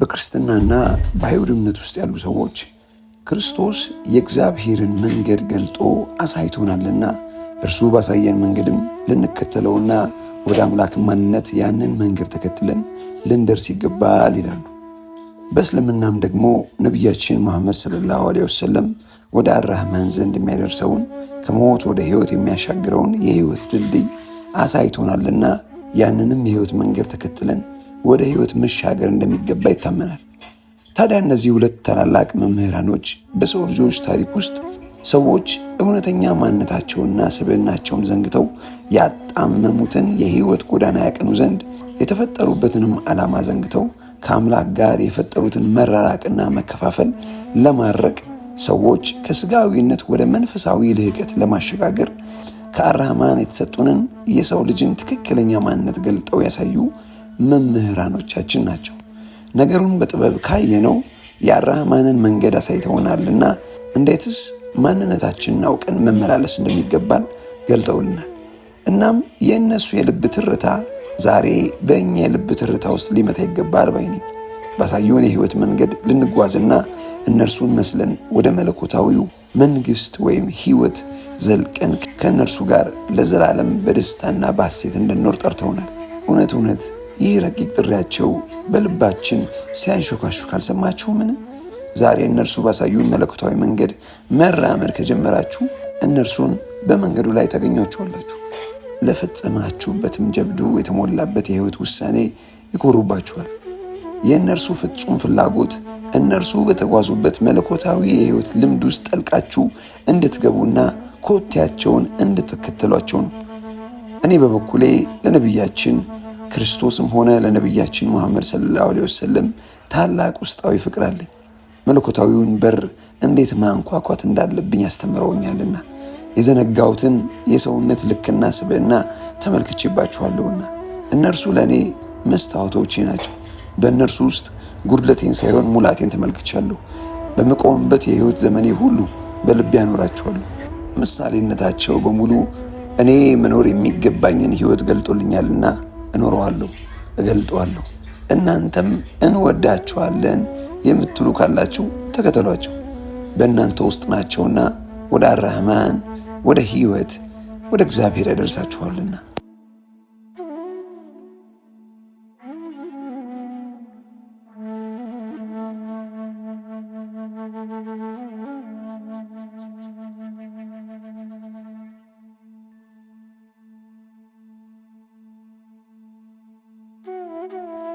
በክርስትናና በአይሁድ እምነት ውስጥ ያሉ ሰዎች ክርስቶስ የእግዚአብሔርን መንገድ ገልጦ አሳይቶናልና እርሱ ባሳየን መንገድም ልንከተለውና ወደ አምላክ ማንነት ያንን መንገድ ተከትለን ልንደርስ ይገባል ይላሉ። በእስልምናም ደግሞ ነቢያችን መሐመድ ሰለላሁ ዐለይሂ ወሰለም ወደ አራህማን ዘንድ የሚያደርሰውን ከሞት ወደ ሕይወት የሚያሻግረውን የሕይወት ድልድይ አሳይቶናልና ያንንም የሕይወት መንገድ ተከትለን ወደ ሕይወት መሻገር እንደሚገባ ይታመናል። ታዲያ እነዚህ ሁለት ታላላቅ መምህራኖች በሰው ልጆች ታሪክ ውስጥ ሰዎች እውነተኛ ማንነታቸውና ስብዕናቸውን ዘንግተው ያጣመሙትን የሕይወት ጎዳና ያቀኑ ዘንድ የተፈጠሩበትንም ዓላማ ዘንግተው ከአምላክ ጋር የፈጠሩትን መራራቅና መከፋፈል ለማድረቅ ሰዎች ከስጋዊነት ወደ መንፈሳዊ ልህቀት ለማሸጋገር ከአራህማን የተሰጡንን የሰው ልጅን ትክክለኛ ማንነት ገልጠው ያሳዩ መምህራኖቻችን ናቸው። ነገሩን በጥበብ ካየነው የአራህማንን መንገድ አሳይተውናልና እንዴትስ ማንነታችንን አውቀን መመላለስ እንደሚገባን ገልጠውልናል። እናም የእነሱ የልብ ትርታ ዛሬ በእኛ የልብ ትርታ ውስጥ ሊመታ ይገባል ባይ ነኝ። ባሳዩን የህይወት መንገድ ልንጓዝና እነርሱን መስለን ወደ መለኮታዊው መንግስት ወይም ህይወት ዘልቀን ከእነርሱ ጋር ለዘላለም በደስታና በሐሴት እንድንኖር ጠርተውናል። እውነት እውነት ይህ ረቂቅ ጥሪያቸው በልባችን ሲያንሾካሹክ ምን ዛሬ እነርሱ ባሳዩን መለኮታዊ መንገድ መራመድ ከጀመራችሁ እነርሱን በመንገዱ ላይ ታገኛችኋላችሁ። ለፈጸማችሁበትም ጀብዱ የተሞላበት የህይወት ውሳኔ ይኮሩባችኋል። የእነርሱ ፍጹም ፍላጎት እነርሱ በተጓዙበት መለኮታዊ የሕይወት ልምድ ውስጥ ጠልቃችሁ እንድትገቡና ኮቴያቸውን እንድትከተሏቸው ነው። እኔ በበኩሌ ለነቢያችን ክርስቶስም ሆነ ለነቢያችን ሙሐመድ ሰለላሁ ዐለይሂ ወሰለም ታላቅ ውስጣዊ ፍቅር አለኝ። መለኮታዊውን በር እንዴት ማንኳኳት እንዳለብኝ አስተምረውኛልና የዘነጋሁትን የሰውነት ልክና ስብዕና ተመልክቼባችኋለሁና እነርሱ ለእኔ መስታወቶቼ ናቸው። በእነርሱ ውስጥ ጉድለቴን ሳይሆን ሙላቴን ተመልክቻለሁ። በመቆምበት የህይወት ዘመኔ ሁሉ በልቤ ያኖራቸዋለሁ። ምሳሌነታቸው በሙሉ እኔ መኖር የሚገባኝን ህይወት ገልጦልኛልና እኖረዋለሁ፣ እገልጠዋለሁ። እናንተም እንወዳችኋለን የምትሉ ካላችሁ ተከተሏቸው፣ በእናንተ ውስጥ ናቸውና ወደ አራህማን ወደ ህይወት ወደ እግዚአብሔር ያደርሳችኋልና። Bye.